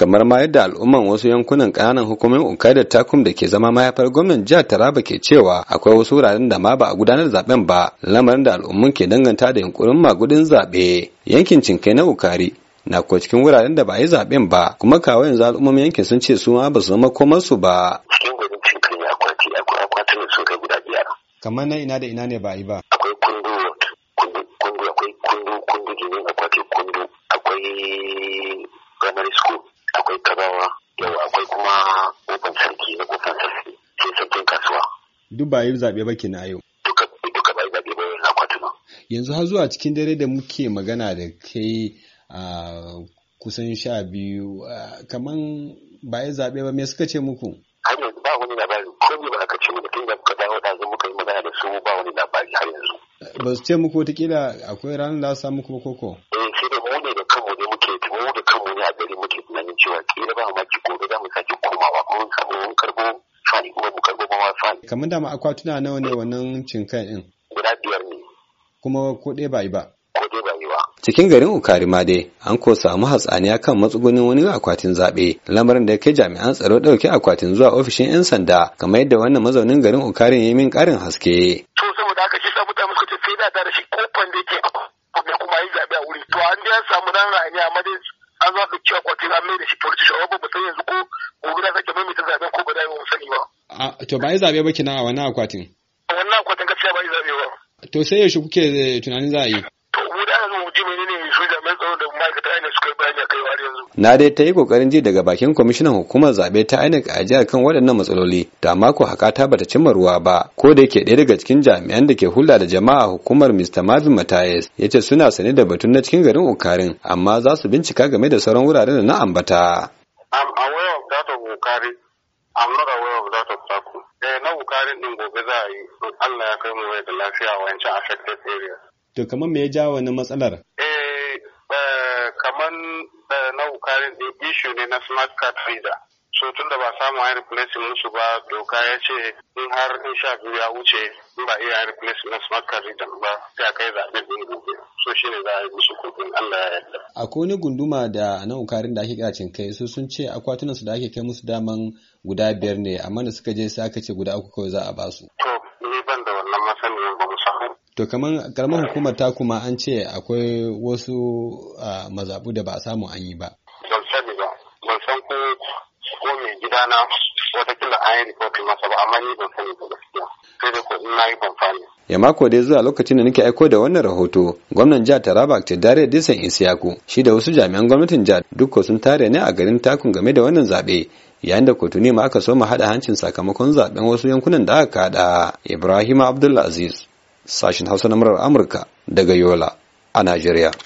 kamar ma yadda al'umman wasu yankunan ƙananan hukumomin unkai takum da ke zama mayafar gwamnan jihar taraba ke cewa akwai wasu wuraren da ma ba a gudanar zaben ba lamarin da al'umman ke danganta da yunkurin magudin zaɓe yankin cinkai na ukari na ko cikin wuraren da ba a yi zaben ba kuma kawo yanzu al'umman yankin sun ce su ma ba su zama komar su ba cikin gudun cinkai akwati akwai akwatunan sun kai guda biyar kamar na ina da ina ne ba a yi ba akwai kundu kundu akwai kundu kundu akwai kundu akwai primary school akwai kazawa yau akwai kuma kofin sarki na kofin sarki sai sarkin kasuwa. Duk ba yi zaɓe ba kina yau. Duka duka ba yi zaɓe ba na kwatuna. Yanzu har zuwa cikin dare da muke magana da kai a kusan sha biyu kaman ba yi zaɓe ba me suka ce muku? Har yanzu ba wani labari ko ne ba aka ce mu tun da muka dawo da muka yi magana da su ba wani labari har yanzu. Ba su ce muku wataƙila akwai ranar da su samu kuma koko? cewa kera ba mamaki gobe za mu sake komawa kuma mun samu mun karbo fani kuma mu karbo ma fani. kamar da ma akwatuna nawa ne wannan cinkai din. guda biyar ne. kuma ko ɗaya ba yi ba. ko ɗaya ba yi ba. cikin garin ukari ma dai an ko samu hatsaniya kan matsugunin wani akwatin zaɓe lamarin da ya kai jami'an tsaro ɗauke akwatin zuwa ofishin 'yan sanda kamar yadda wannan mazaunin garin Ukari ya yi min ƙarin haske. to saboda haka shi sa mutane suka ce sai da da shi kofan da yake kuma yi zaɓe a wuri to an samu nan ra'ayi amma dai an za ka ci akwatin an mai da shi politician ba ba sai yanzu ko gobe na sake maimaita zabe ko ba za mu sani ba. to ba yi zabe ba kina a wannan akwatin. a wannan akwatin gaskiya ba yi zabe ba. to sai yaushe kuke eh, tunanin za a yi. jami'an tsaro da suka kai yanzu. Na dai ta yi kokarin ji daga bakin kwamishinan hukumar zaɓe ta INEC a jihar kan waɗannan matsaloli da mako ta bata cimma ruwa ba ko da yake ɗaya daga cikin jami'an da ke hulɗa da jama'a hukumar Mr. Marvin matthias ya ce suna sane da batun na cikin garin Ukarin amma za su bincika game da sauran wuraren da na ambata. I'm aware Eh, na din gobe za a yi. Allah ya kai mu da lafiya wancan affected area. To kamar me ya jawo wani matsalar? Eh, can na ukarin ne na smart card reader so tun da ba samu an replacing musu ba doka ya ce in har in sha biyu ya wuce in ba iya replacing na smart card reader ba sai a kai zaɓe din gobe so shine za a yi musu kuɗin Allah ya yarda akwai wani gunduma da na ukarin da ake kira kai su sun ce akwatunan su da ake kai musu daman guda biyar ne amma da suka je sai aka ce guda uku kawai za a basu to ni ban da wannan masanin ba mu samu. To kamar karamar hukumar ta kuma an ce akwai wasu mazaɓu da ba a samu an yi ba. Ban sani ba, ban san ko ko mai gidana watakila an yi rikotin masa ba amma ni ban sani ba gaskiya sai dai ko na yi ya mako dai zuwa lokacin da nake aiko da wannan rahoto gwamnan jihar taraba ta dare disan isiyaku shi da wasu jami'an gwamnatin jihar dukko sun tare ne a garin takun game da wannan zaɓe yayin da kotu ne ma aka so mu haɗa hancin sakamakon zaɓen wasu yankunan da aka haɗa ibrahim abdullah aziz sashin hausa na murar amurka daga yola a najeriya